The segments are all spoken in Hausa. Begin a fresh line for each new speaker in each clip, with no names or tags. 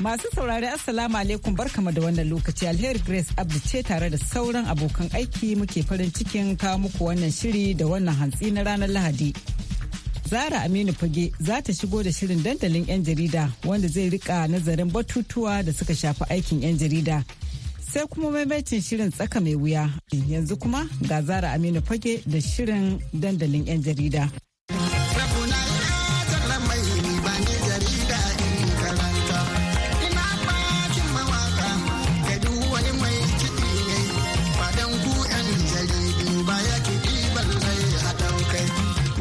Masu saurari Assalamu alaikum barkama da wannan lokaci alheri Grace Abdi ce tare da sauran abokan aiki muke farin cikin kawo muku wannan shiri da wannan hantsi na ranar Lahadi. Zara Aminu Fage za ta shigo da shirin dandalin 'yan jarida wanda zai rika nazarin batutuwa da suka shafi aikin 'yan jarida. Sai kuma maimacin shirin tsaka mai wuya. Yanzu kuma ga Zara Aminu Fage da shirin dandalin 'yan jarida.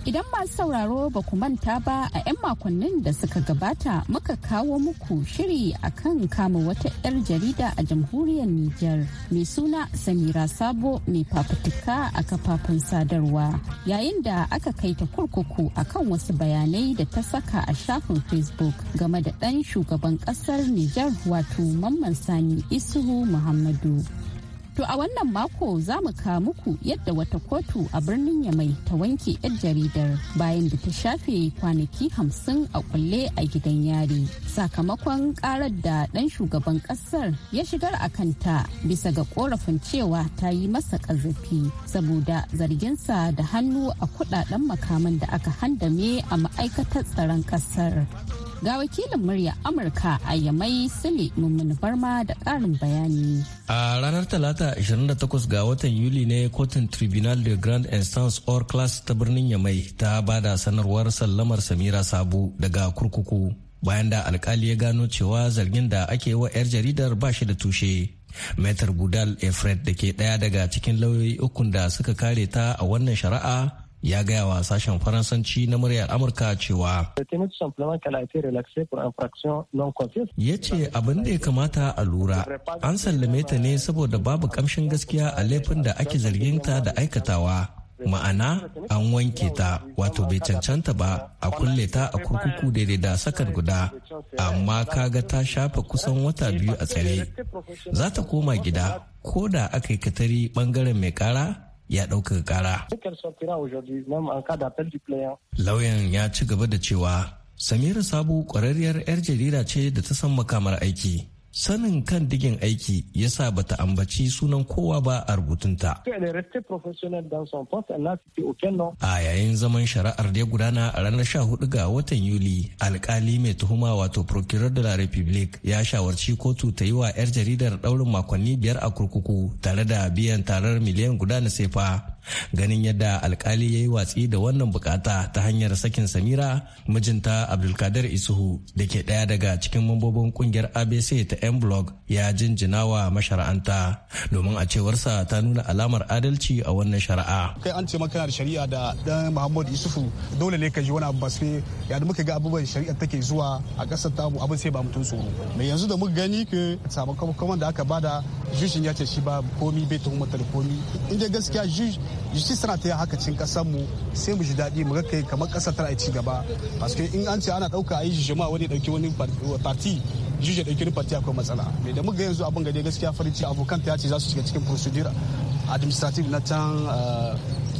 Idan masu sauraro ba ku manta ba a 'yan makonnin da suka gabata muka kawo muku shiri akan kama wata 'yar jarida a jamhuriyar Nijar mai suna Samira Sabo mai fafutuka a kafafen sadarwa yayin da aka kai ta kurkuku akan wasu bayanai da ta saka a shafin Facebook game da ɗan shugaban ƙasar Nijar wato Mamman Sani Isuhu Muhammadu. To a wannan mako za mu ka muku yadda wata kotu a birnin Yamai ta wanke 'yan jaridar bayan da ta shafe kwanaki hamsin a kulle a gidan yari. Sakamakon karar da ɗan shugaban ƙasar ya shigar a kanta bisa ga korafin cewa ta yi masa ƙazafi saboda zarginsa da hannu a kudaden makaman da aka handame a ma'aikatar tsaron ƙasar. Ga wakilin murya Amurka a Yamai Sule Mummuni Barma da karin bayani.
A ranar Talata 28 ga watan Yuli ne kotun Tribunal de Grand Instance or Class ta birnin Yamai ta bada sanarwar sallamar Samira Sabu daga kurkuku. Bayan da alkali ya gano cewa zargin da ake wa 'yar jaridar ba shi da tushe. Metar Budal Efred da ke daya daga cikin lauyoyi ukun da suka kare ta a wannan shari'a ya gaya wa sashen faransanci na muryar amurka cewa ya ce abin da ya kamata a lura an sallame ta ne saboda babu kamshin gaskiya a laifin da ake zargin ta da aikatawa ma'ana an wanke ta wato bai cancanta ba a kulle ta a kurkuku daidai da sakar guda amma kaga ta shafa kusan wata biyu a tsare za ta koma gida ko da aka yi katari bangaren mai kara ya ɗaukaka ƙara. Lauyan ya ci gaba da cewa Samira sabu ƙwararriyar 'yar jarida ce da ta san makamar aiki sanin kan digin aiki ya yasa bata ambaci sunan kowa ba a rubutunta. A yayin zaman shari'ar da ya gudana a ranar hudu ga watan Yuli, alkali mai tuhuma wato Procureur de la République ya shawarci kotu ta yi wa 'yar jaridar daurin makonni biyar a kurkuku tare da biyan tarar miliyan guda na sefa ganin yadda alkali ya yi watsi da wannan bukata ta hanyar sakin samira mijinta abdulkadir isuhu da ke ɗaya daga cikin mambobin kungiyar abc ta m blog ya jinjina wa mashara'anta domin a cewarsa ta nuna alamar adalci a wannan shari'a
kai an ce maka da shari'a da dan muhammad isufu dole ne ka ji wani abu basfe ya da muka ga abubuwan shari'a take zuwa a ƙasar tamu abin sai ba mutum tsoro mai yanzu da muka gani ke sakamakon da aka bada jushin ya ce shi ba komi bai tuhumar komi inda gaskiya justice suna ta haka cin kasar mu sai mu ji daɗi mu ga kai kamar ƙasar a ci gaba paske in an ce ana ɗauka a yi jama'a wani ɗauki wani parti juje ɗauki wani parti akwai matsala mai da muga yanzu abin gade gaskiya farin ciki abokan ta ce za su shiga cikin procedure administrative na can eh,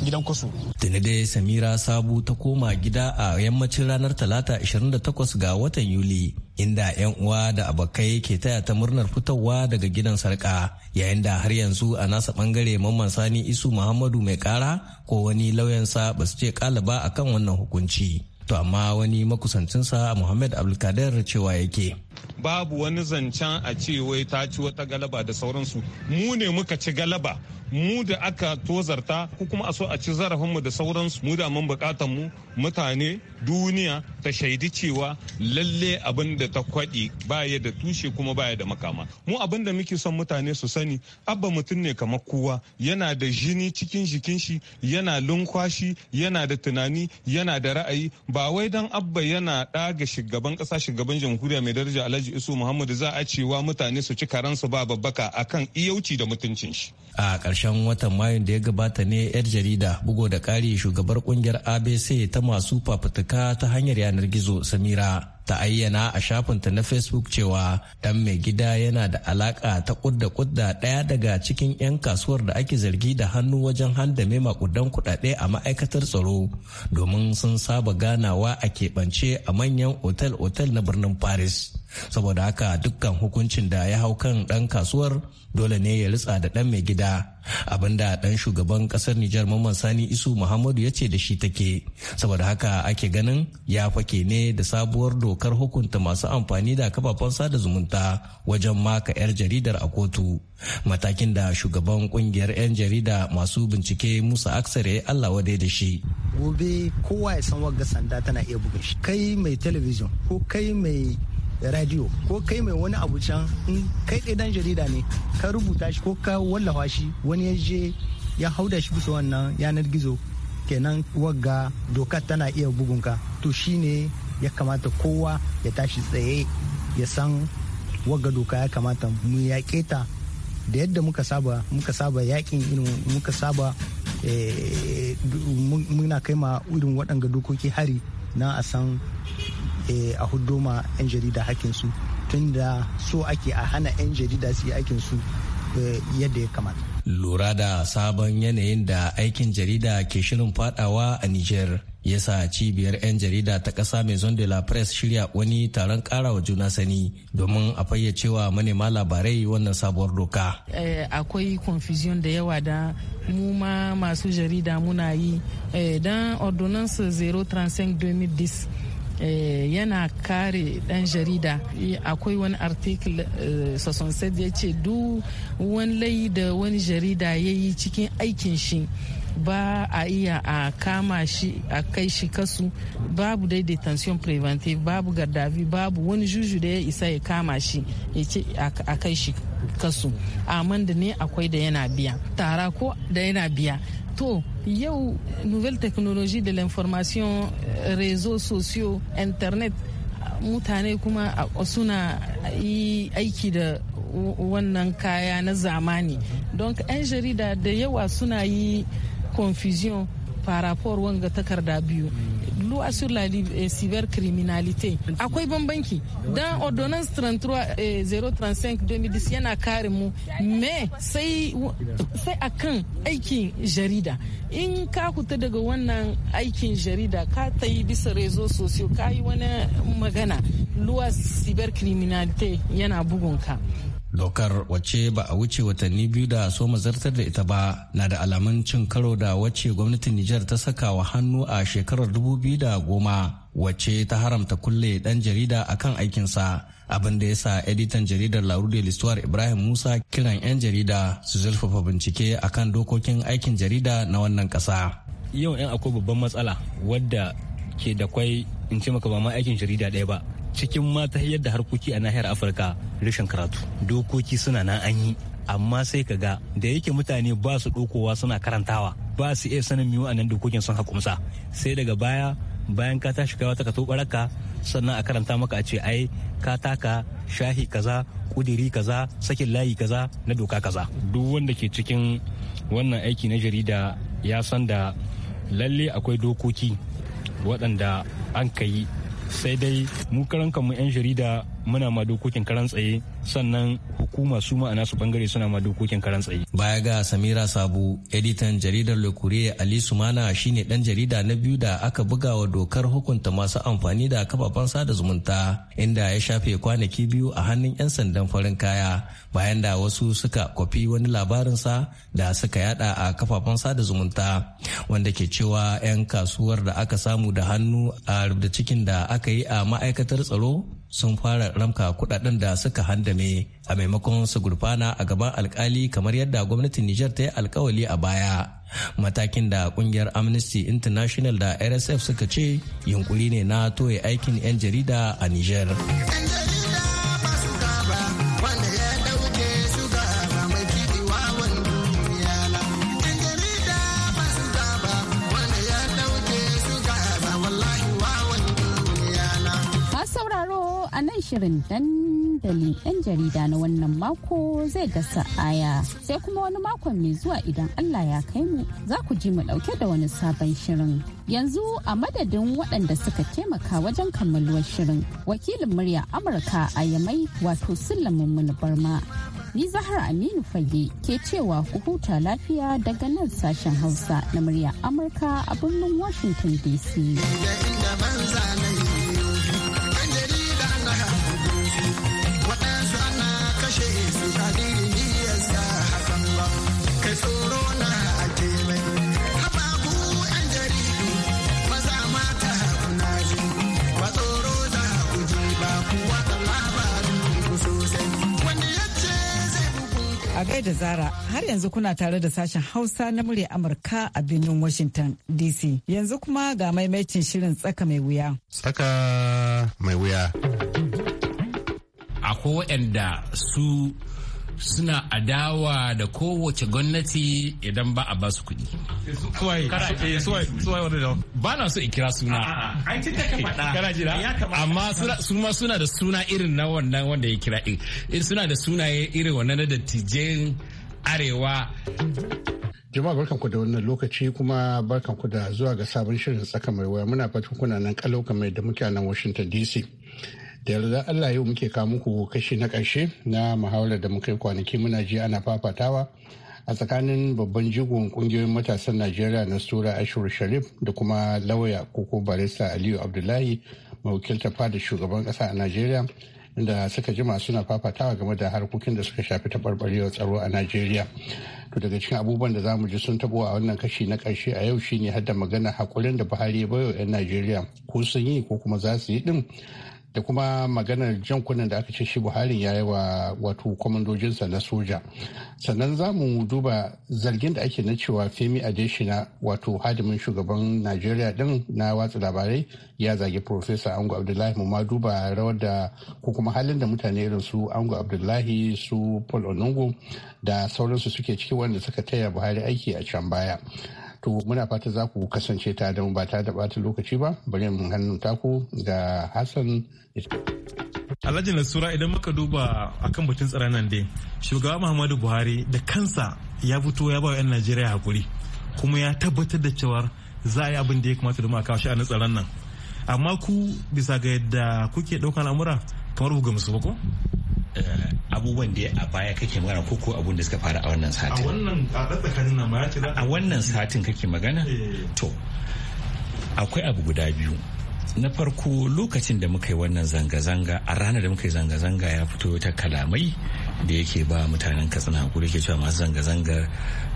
gidan kwasu.
Tuni Samira Sabu ta koma gida a yammacin ranar Talata 28 ga watan Yuli. inda 'yan uwa da abokai ke taya ta murnar fitowa daga gidan sarka yayin da har yanzu a nasa bangare mamman sani isu muhammadu mai kara ko wani lauyansa ba su ce kalaba akan wannan hukunci to amma wani makusancinsa muhammad abdulkadir cewa yake babu wani
zancen a ce wai ta ci wata galaba da sauransu mu ne muka ci galaba mu da aka tozarta ko kuma a so a ci zarafinmu da sauransu mu da mun bukatar mu mutane duniya ta shaidi cewa lalle abin da ta kwaɗi baya da tushe kuma baya da makama mu abin da muke son mutane su sani abba mutum ne kamar kowa yana da jini cikin jikin shi yana lunkwashi yana da tunani yana da ra'ayi ba wai dan abba yana ɗaga shugaban ƙasa shugaban jamhuriya mai daraja alhaji isu muhammadu za a cewa mutane su ci karansu ba babbaka kan iyauci da mutuncin shi
a ƙarshen watan mayun da ya gabata ne yar jarida bugo da ƙari shugabar ƙungiyar abc ta masu fafutuka ta hanyar yanar gizo samira ta ayyana a shafinta na facebook cewa dan mai gida yana da alaka ta kudda kudda daya daga cikin 'yan kasuwar da ake zargi da hannu wajen handame makudan kudade a ma'aikatar tsaro domin sun saba ganawa a keɓance a manyan otel-otel na birnin paris saboda haka dukkan hukuncin da ya hau kan dan kasuwar dole ne ya ritsa da ɗan mai gida abinda ɗan shugaban ƙasar Nijar Mamman Sani Isu Muhammadu ya ce da shi take saboda haka ake ganin ya fake ne da sabuwar dokar hukunta masu amfani da kafafen sada zumunta wajen maka 'yar jaridar a kotu matakin da shugaban kungiyar 'yan jarida masu bincike Musa Aksar Allah wadai da shi.
Gobe kowa ya san wagga sanda tana iya bugun shi kai mai talabijin ko kai mai da radio ko kai mai wani abu can in kai ɗaya dan jarida ne ka rubuta shi ko ka wallafa shi wani ya je ya hauda shi bisa wannan yanar gizo kenan wagga doka tana iya bugunka to shine ya kamata kowa ya tashi tsaye ya san wagga doka ya kamata mu yaƙe ta da yadda muka saba muka saba yakin irin muka saba eh, muna kai ma irin waɗanga dokoki hari na a san Eh, a huddoma 'yan jarida hakinsu tunda so ake a hana 'yan jarida su yi aikinsu eh, yadda ya kamata.
Lura da sabon yanayin da aikin jarida ke shirin fadawa a Niger ya sa cibiyar 'yan jarida ta ƙasa Maison de la Presse shirya wani taron wa juna sani domin a fayyacewa manema labarai wannan sabuwar doka.
Eh, akwai confusion da yawa da mu ma masu jarida muna yi don ordonance 035 2010 Eh, yana kare dan jarida e, akwai wani article eh, said ya ce duk wani layi da wani jarida ya yi cikin aikin shi ba a iya a kama shi a kai shi kasu babu dai detention preventive babu gardavi babu wani juju da ya isa ya kama shi ya ce a kai shi kasu amma da ne akwai da yana biya tara ko da yana biya to yau nouvelle technologie de l'information euh, réseaux sociaux internet mutane kuma uh, suna yi aiki da wannan kaya na zamani don 'yan jarida da yawa suna yi confusion par rapport wanga takarda biyu loi sur la eh, cybercriminalité akwai bambanki dan ordonnance 33 035 2010 yana kare mu me sai sai akan aikin jarida in ka kuta daga wannan aikin jarida ka ta yi bisa rezo sosai ka yi wani magana loi cybercriminalité yana bugunka
dokar wace ba a wuce watanni biyu da so zartar da ita ba na da alamun cin karo da wacce gwamnatin nijar ta saka wa hannu a shekarar dubu biyu da goma wace ta haramta kulle dan jarida akan aikinsa abin da ya sa editan jaridar larude listuwar ibrahim musa kiran 'yan jarida su zurfafa bincike akan dokokin aikin jarida na wannan kasa yau 'yan akwai babban matsala wadda ke da kwai in ce maka ba ma aikin jarida ɗaya ba cikin mata da harkoki a nahiyar afirka
rashin karatu dokoki suna nan an yi amma sai ka ga da yake mutane ba su dokowa suna karantawa ba su iya sanin miyu a nan dokokin sun hakumsa sai daga baya bayan ka tashi kai ta ka baraka sannan a karanta maka a ce ai ka taka shahi kaza kudiri kaza sakin layi kaza na doka kaza duk wanda ke cikin wannan aiki na jarida ya san da lalle akwai dokoki waɗanda an ka yi sai dai mu karan mu 'yan jarida muna ma dokokin karan tsaye
sannan hukuma su ma a nasu bangare suna ma dokokin karan tsaye. Baya ga Samira Sabu, editan jaridar Le Ali Sumana shine dan jarida na biyu da aka buga wa dokar hukunta masu amfani da kafafen sada zumunta inda ya shafe kwanaki biyu a hannun 'yan sandan farin kaya bayan da wasu suka kwafi wani labarinsa da suka yada a kafafen sada zumunta wanda ke cewa 'yan kasuwar da aka samu da hannu a rubda cikin da aka yi a ma'aikatar tsaro sun fara ramka kudaden da suka handame a maimakon su gurfana a gaban alkali kamar yadda gwamnatin Nijar ta yi alkawali a baya. Matakin da kungiyar Amnesty International da RSF suka ce yunkuri ne na toye aikin 'yan jarida a Nijar.
shirin dandalin 'yan jarida na wannan mako zai gasa aya sai kuma wani makon mai zuwa idan Allah ya kai mu za ku ji mu dauke da wani sabon shirin yanzu a madadin waɗanda suka taimaka wajen kammaluwar shirin wakilin murya amurka a yamai wato sullamin barma ni zahar aminu fage ke cewa ku huta lafiya daga nan sashen hausa na murya amurka a birnin washington dc
da Zara har yanzu kuna tare da sashen Hausa na murya Amurka a birnin Washington DC. Yanzu kuma ga maimaitin shirin tsaka mai wuya.
Tsaka mai wuya. Akwai waɗanda
su suna adawa da kowace gwamnati idan ba a basu kuɗi. Eh, ba na so in kira suna. Amma su ma suna da suna irin na wannan wanda ya kira in eh, suna da sunaye irin wannan na dattijan arewa.
Jama'a barkanku da wannan lokaci kuma barkanku da zuwa ga sabon shirin tsaka mai waya muna fatan kuna nan kalau kamar da muke a nan Washington DC. da yarda Allah yau muke kawo muku kashi na ƙarshe na muhawarar da muka yi kwanaki muna ji ana fafatawa a tsakanin babban jigon kungiyoyin matasan Najeriya na Sura Ashur Sharif da kuma lauya koko barista Aliyu Abdullahi mawakiltar fada shugaban ƙasa a Najeriya da suka jima suna fafatawa game da harkokin da suka shafi taɓarɓarewar tsaro a Najeriya. To daga cikin abubuwan da zamu ji sun tabo a wannan kashi na ƙarshe a yau shine hadda magana hakurin da Buhari ya bayo 'yan Najeriya ko sun yi ko kuma za su yi din da kuma maganar jankunan da aka ce shi buhari ya yi wa wato kwamandojinsa na soja sannan za mu duba zargin da ake na cewa femi adeshina wato hadimin shugaban najeriya din na watsa labarai ya zagi profesa ango abdullahi mu ma duba rawar da ko kuma halin da mutane irin su ango abdullahi su paul onungu da sauransu suke ciki wanda suka taya buhari aiki a can baya To muna fata za ku kasance ta da ba ta da bata lokaci ba bari mu hannun taku ga Hassan.
Alhaji Nasura idan muka duba akan batun tsaron nan dai shugaba Muhammadu Buhari da kansa ya fito ya bawa 'yan Najeriya hakuri kuma ya tabbatar da cewar za a yi abin da ya kamata domin a kawo sha'anin tsaron nan amma ku bisa ga yadda kuke ɗaukar al'amura kamar ku gamsu ba ko?
Eh, abubuwan da a baya kake magana ko ko abun da suka fara a wannan satin
a
wannan satin kake magana eh. to akwai abu guda biyu na farko lokacin da muka yi wannan zanga-zanga a ranar da muka yi zanga-zanga ya fito ta kalamai da yake ba mutanen katsina hakuri ke cewa masu zanga-zangar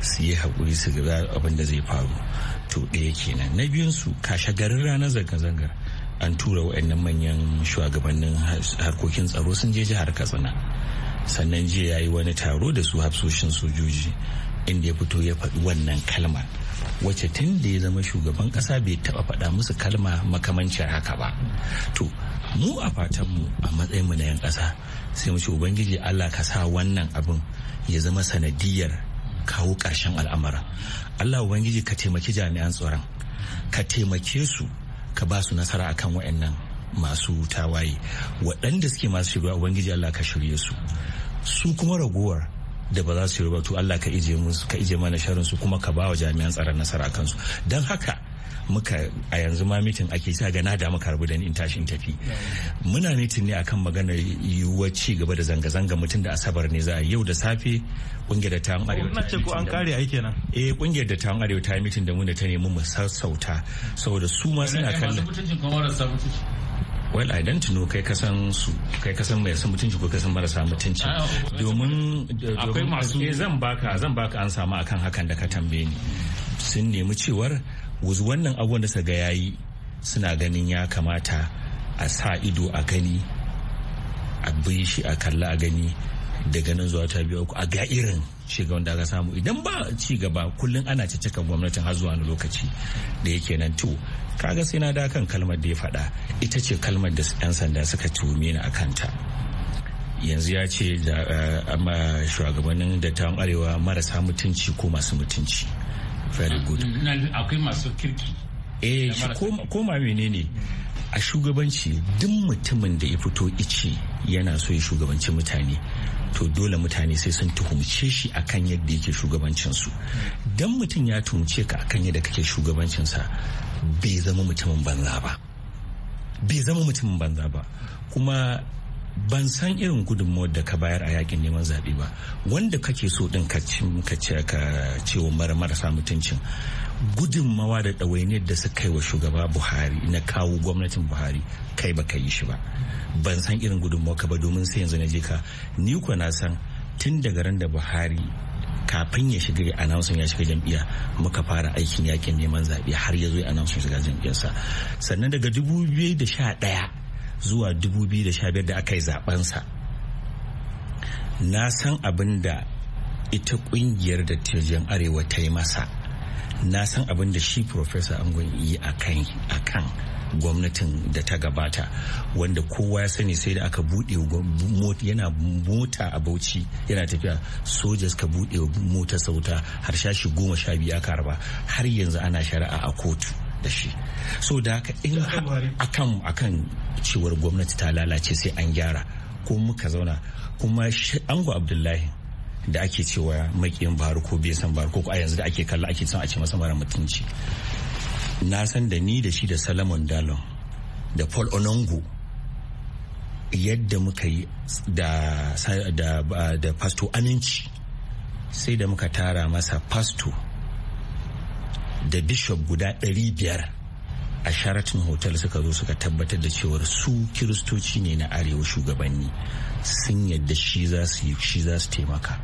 su yi hakuri su gaba abin da zai faru to ɗaya kenan na biyun su kashe garin ranar zanga-zangar an tura wa'annan manyan shugabannin harkokin tsaro sun je jihar katsina sannan jiya ya yi wani taro da su hafsoshin sojoji inda ya fito ya faɗi wannan kalma wacce tun da ya zama shugaban ƙasa bai taɓa faɗa musu kalma makamancin haka ba to mu a fatanmu a matsayin mu na 'yan ƙasa sai mu ce ubangiji allah ka sa wannan abin ya zama sanadiyar kawo ƙarshen al'amura allah ubangiji ka taimaki jami'an tsaron ka taimake su ka ba su nasara akan waɗannan masu tawaye waɗanda suke masu shirya ubangiji Allah ka shirye su su kuma raguwar da ba za su yi to Allah ka ije ka ije mana sharin su kuma ka ba wa jami'an tsaron nasara kansu don haka muka a yanzu ma mitin ake sa ga na da muka rabu da in tashin tafi muna mitin ne akan magana yiwuwar ci gaba da zanga-zanga mutum da asabar ne za a yau da safe kungiyar da tawon arewa ta ce ko an kare ai kenan eh kungiyar da tawon arewa ta mitin da mu ta nemi mu sassauta saboda su ma suna kallon well i don't know kai kasan su kai kasan mai san mutunci ko kasan marasa mutunci ah, oh, oh, oh, domin akwai masu eh, zan baka zan baka an samu akan hakan da ka tambaye ni sun nemi cewar wasu wannan abuwan da suka ga yayi suna ganin ya kamata a sa ido a gani a bi shi a kalla a gani daga nan zuwa ta biyu a ga irin shiga wanda aka samu idan ba ci gaba kullum ana caccaka gwamnatin har zuwa na lokaci da yake nan to kaga sai na da kan kalmar da ya faɗa ita ce kalmar da 'yan sanda suka tuhume ni a kanta yanzu ya ce da eh, shugabannin ta arewa marasa mutunci ko masu mutunci
very good mm, akwai masu kirki eh koma menene
a shugabanci duk mutumin da ya fito ici yana so ya shugabanci mutane to dole mutane sai sun tuhumce shi akan yadda yake shugabancinsu don mutum ya tuhumce ka akan yadda kake shugabancinsa bai zama mutumin banza ba bai zama mutumin banza ba kuma ban san irin gudunmuwar da ka bayar a yakin neman zaɓe ba wanda kake so ɗin ka wa mara marasa mutuncin gudunmawa da ɗawainiyar da suka kai wa shugaba buhari na kawo gwamnatin buhari kai ba ka yi shi ba ban san irin gudunmuwar ka ba domin sai yanzu na je ka ni ku na san tun daga ran da buhari kafin ya shiga anansun ya shiga jam'iyya muka fara aikin yakin neman zaɓe har ya zo ya anansun shiga jam'iyyarsa sannan daga dubu biyu da sha ɗaya. zuwa 2015 da aka yi zabensa na san abin da ita kungiyar da tirjin arewa ta yi masa na san abin da shi professor angon yi a kan gwamnatin da ta gabata wanda kowa ya sani sai da aka buɗe yana mota a bauchi yana tafiya sojas ka buɗe mota sauta har shashi goma sha biyu aka harba har yanzu ana shari'a a kotu da shi so da haka in akan akan cewar gwamnati ta lalace sai an gyara ko muka zauna kuma ango abdullahi da ake cewa makiyin bahar ko bai san bahar ko a yanzu da ake kalla ake son a ce masa mara mutunci na san da ni da shi da salamon dalon da paul onongo yadda muka yi da, da, da, pasto aminci sai da muka tara masa pasto da bishop guda 500 a sharatin hotel suka zo suka tabbatar da cewar su kiristoci ne na arewa shugabanni sun yadda shi za su yi shi za su taimaka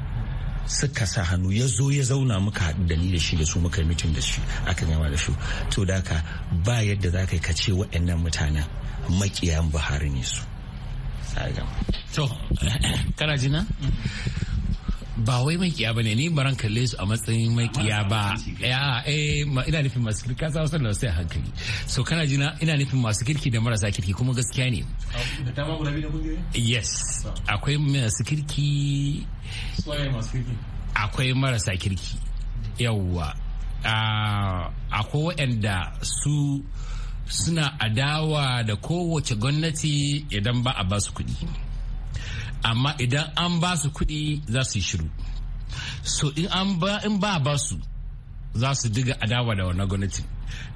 suka sa hannu ya zo ya zauna muka haɗu da ni da shi da su muka mitin da shi aka gama da shi to da ka ba yadda za ka yi kace waɗannan mutanen
makiyan buhari ne su to kana mm-hmm. ba wai makiya bane ni baran kalle su a matsayin makiya ba ya eh ina nufin masu kirki kasa sa wasan da sai hankali so kana jina ina nufin masu kirki da marasa kirki kuma gaskiya ne yes akwai masu kirki akwai marasa kirki yawwa ah, akwai waɗanda su suna adawa da kowace gwamnati idan ba a basu kuɗi amma idan an ba su kuɗi za su yi shiru so in an ba in ba ba su za su diga adawa da wannan gwamnati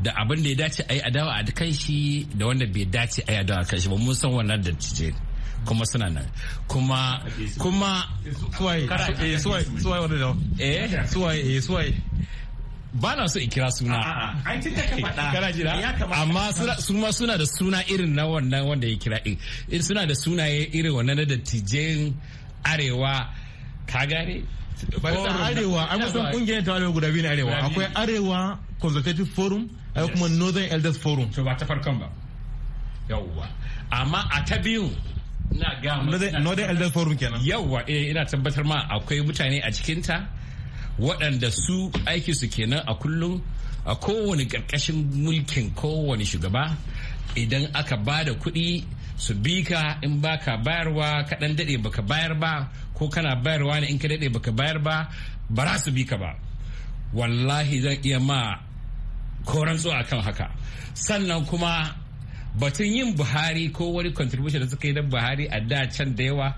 da abin da ya dace a yi adawa a kan shi da wanda bai dace a yi adawa a kan shi ba mun san wannan da cije kuma suna nan kuma kuma suwaye suwaye suwaye suwaye ba na so in kira suna ai tun ka faɗa kana jira amma su ma suna da suna irin na wannan wanda ya kira in suna da sunaye irin wannan na dattijen arewa ka gane arewa an kusan kungiyar
ta arewa guda biyu na arewa akwai arewa consultative forum akwai kuma northern elders forum to ba ta farkon ba
yawwa amma a ta biyu na gama. northern elders forum kenan yawwa eh, ina tabbatar ma akwai mutane a cikinta waɗanda su aikinsu kenan a kullum a kowane ƙarƙashin mulkin kowane shugaba idan aka ba da kuɗi su bika ka in ka bayarwa kaɗan daɗe baka bayar ba ko kana bayarwa ne in ka daɗe baka bayar ba ba za su bi ba wallahi zan iya ma koran a kan haka sannan kuma batun yin buhari ko wani contribution da suka yi na buhari a da can da yawa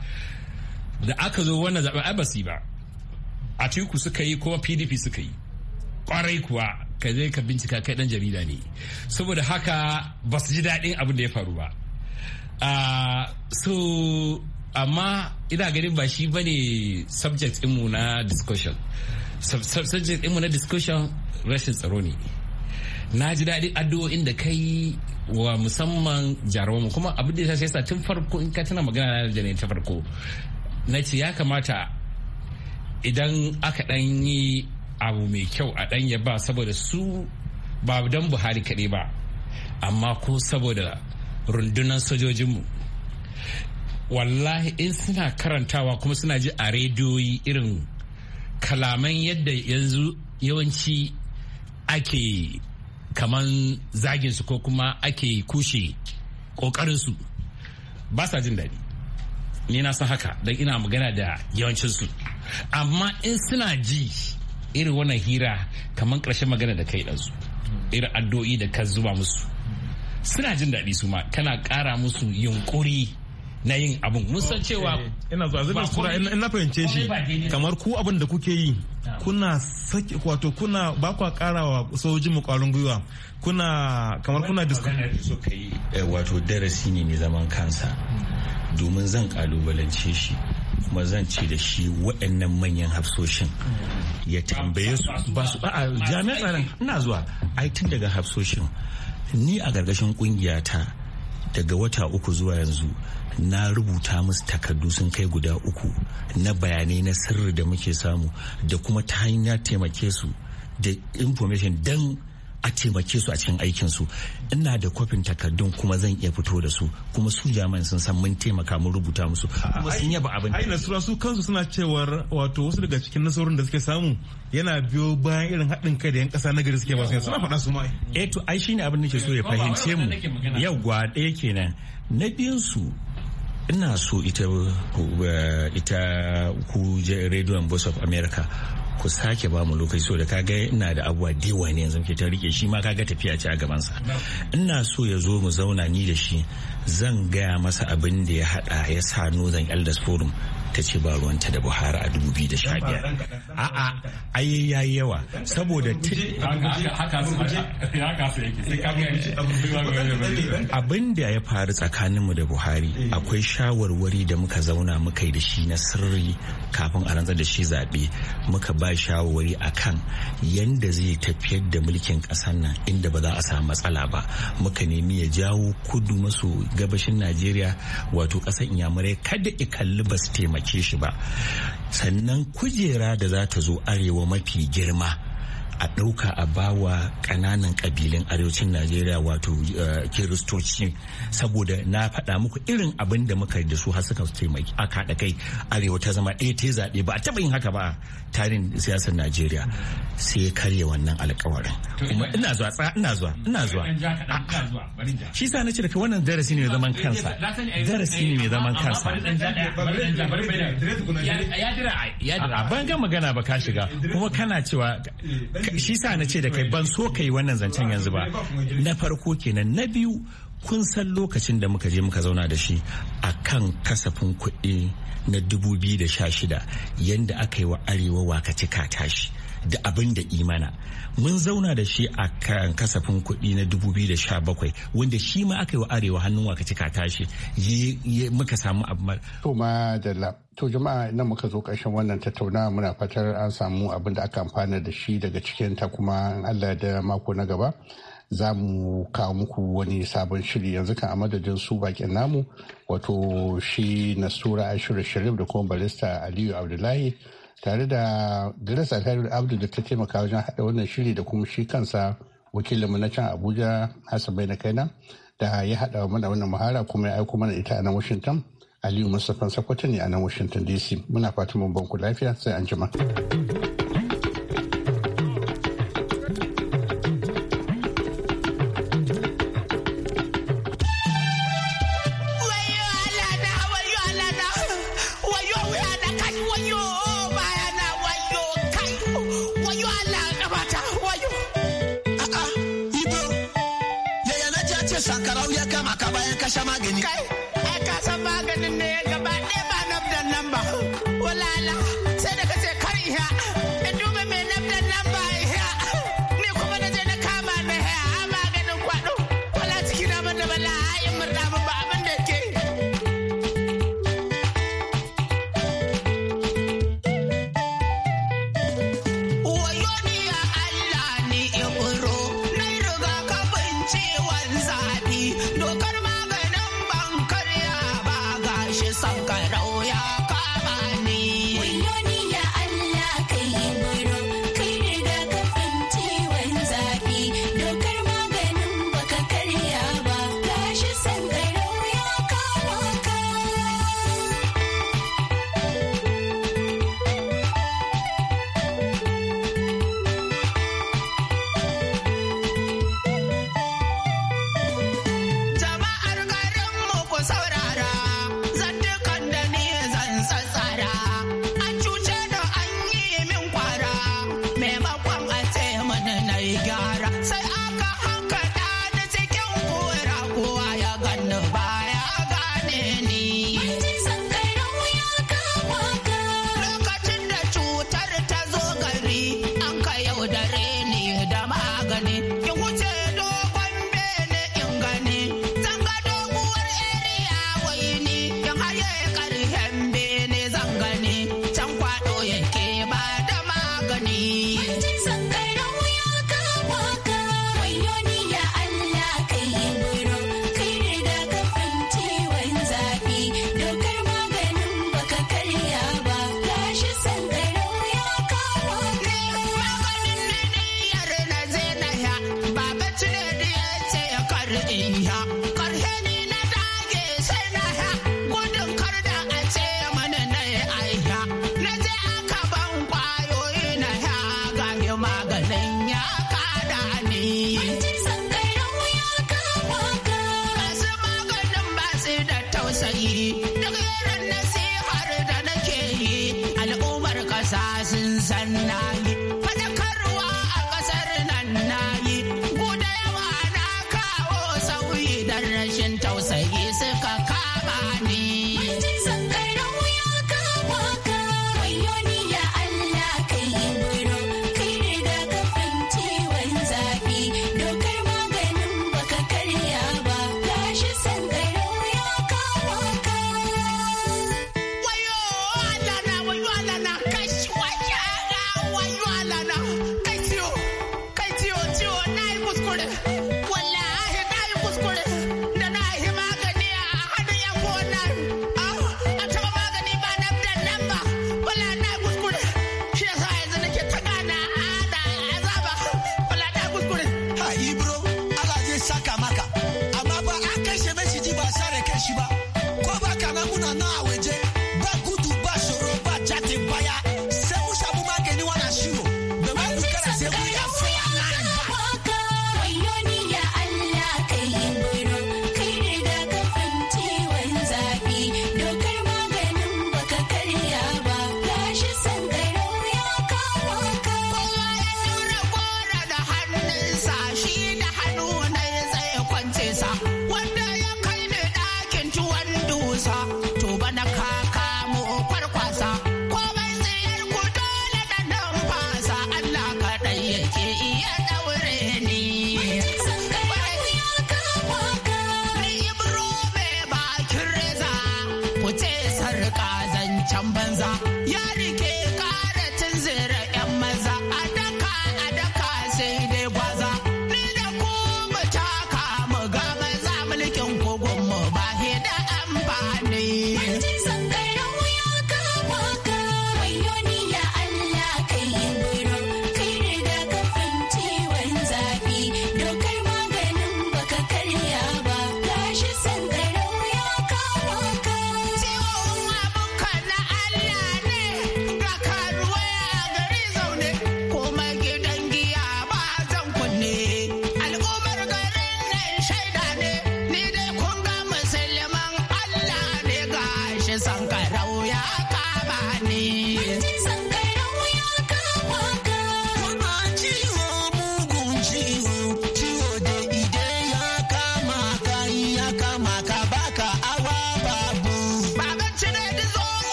da aka zo wannan zaɓen ai ba atiku suka yi kuma pdp suka yi kwarai kuwa ka je ka bincika kai dan jarida ne saboda haka ba su ji daɗin abin da ya faru ba ah, so amma ina ganin ba shi ba ne subject mu na discussion subject mu na discussion rashin tsaro ne na ji daɗin addu'o'in da kai wa musamman jarumanmu kuma abin da ya sa tun farko in ka tana magana na da ta farko na ce ya kamata idan aka ɗan yi abu mai kyau a ɗan ba saboda su ba don buhari kaɗai ba amma ko saboda rundunar sojojinmu wallahi in suna karantawa kuma suna ji a rediyoyi irin kalaman yadda yanzu yawanci ake kaman zaginsu ko kuma ake kushe ƙoƙarinsu ba sa jin daɗi ni na san haka don ina magana da yawancinsu amma in suna ji irin wannan hira kamar ƙarshen magana da kai ɗansu irin addu'o'i da ka zuba musu suna jin daɗi su ma kana ƙara musu yunƙuri na yin abun musan cewa ina zuwa zai in na fahimce shi
kamar ku abin da kuke yi kuna sake wato kuna ba kwa karawa sojin mu kwarin gwiwa kuna kamar kuna disko eh,
wato darasi ne mai zaman kansa domin zan kalubalance shi kuma zan ce da shi waɗannan manyan hafsoshin ya tambaye su ba su a jami'an tsaron ina zuwa ai tun daga hafsoshin ni a ƙarƙashin ƙungiyata daga wata uku zuwa yanzu na rubuta musu takardu sun kai guda uku na bayanai na sirri da muke samu da kuma ta hanya taimake su da information don a taimake su a cikin aikin su ina da kofin takardun kuma zan iya fito da su kuma su jami'an sun san mun taimaka mun rubuta musu kuma sun yaba
abin ai nasura su kansu suna cewar wato wasu daga cikin nasarorin da suke samu yana biyo bayan irin haɗin kai da yan ƙasa na gari suke ba suna faɗa su ma eh to ai shine abin da ke so ya fahimce mu yau ɗaya
kenan na biyun su ina so ita eh, ita ku rediyon voice of america ku sake ba mu lokaci so da kaga ina da abuwa dewa ne yanzu ke ta rike shi ma kaga tafiya ce a gaban sa ina so ya zo mu zauna ni da shi zan gaya masa abin da ya hada ya sa northern elders forum ta ce ba ruwanta da buhari a 2015 a'a ayi ya yi yawa saboda abin da ya faru tsakaninmu da buhari eh. akwai shawarwari da muka zauna muka yi da shi na sirri kafin a rantsar da shi zaɓe muka ba shawarwari akan yadda zai tafiyar da mulkin ƙasar nan inda ba za a samu matsala ba muka nemi ya jawo kudu maso gabashin najeriya wato ƙasar inyamurai kada i kalli ba su taimaki gabace shi ba sannan kujera da za ta zo arewa mafi girma a ɗauka a bawa ƙananan ƙabilun arewacin najeriya wato eh, kiristoci saboda na faɗa muku irin abin da muka da su har suka taimaki a kaɗa kai arewa ta zama ɗaya ta zaɓe ba a taɓa yin haka ba tarin siyasar najeriya sai ya karya wannan alkawarin kuma ina zuwa tsa ina zuwa ina zuwa shi sa na ce da wannan darasi ne mai zaman kansa darasi ne mai zaman kansa
ya
dira
ban ga magana ba ka shiga eh, eh, kuma kana cewa shi sa na ce da kai ban so kai wannan zancen yanzu ba na farko kenan na biyu kun san lokacin da muka je muka zauna da shi a kan kasafin kuɗi na 2016 yadda aka yi wa arewa wakaci ka tashi da abin da imana mun zauna da shi a kan kasafin kuɗi na 2017 wanda shi ma aka yi wa arewa hannun waka cika tashi muka samu abu
to ma dalla to jama'a nan muka zo ƙarshen wannan tattaunawa muna fatar an samu abin da aka amfana da shi daga cikin ta kuma Allah da mako na gaba za mu kawo muku wani sabon shiri yanzu kan a madadin su bakin namu wato shi nasura ashiru sharif da kuma barista aliyu abdullahi tare da Grace Alheri Abdu da ta taimaka wajen haɗa wannan shiri da kuma shi kansa wakilinmu na can Abuja Hassan Bai na kaina da ya haɗa mana wannan muhara kuma ya aiko mana ita a nan Washington. Aliyu Mustapha Sakwato ne a nan Washington DC. Muna fatan mun banku lafiya sai an jima.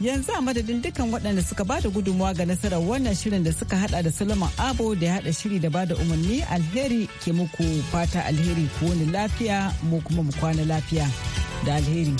yanzu a madadin dukkan waɗanda suka ba da gudunmawa ga nasarar wannan shirin da suka hada da Solomon Abo da ya hada shiri da ba da umarni alheri ke muku fata alheri ko wani lafiya mu kuma mu kwana lafiya da alheri.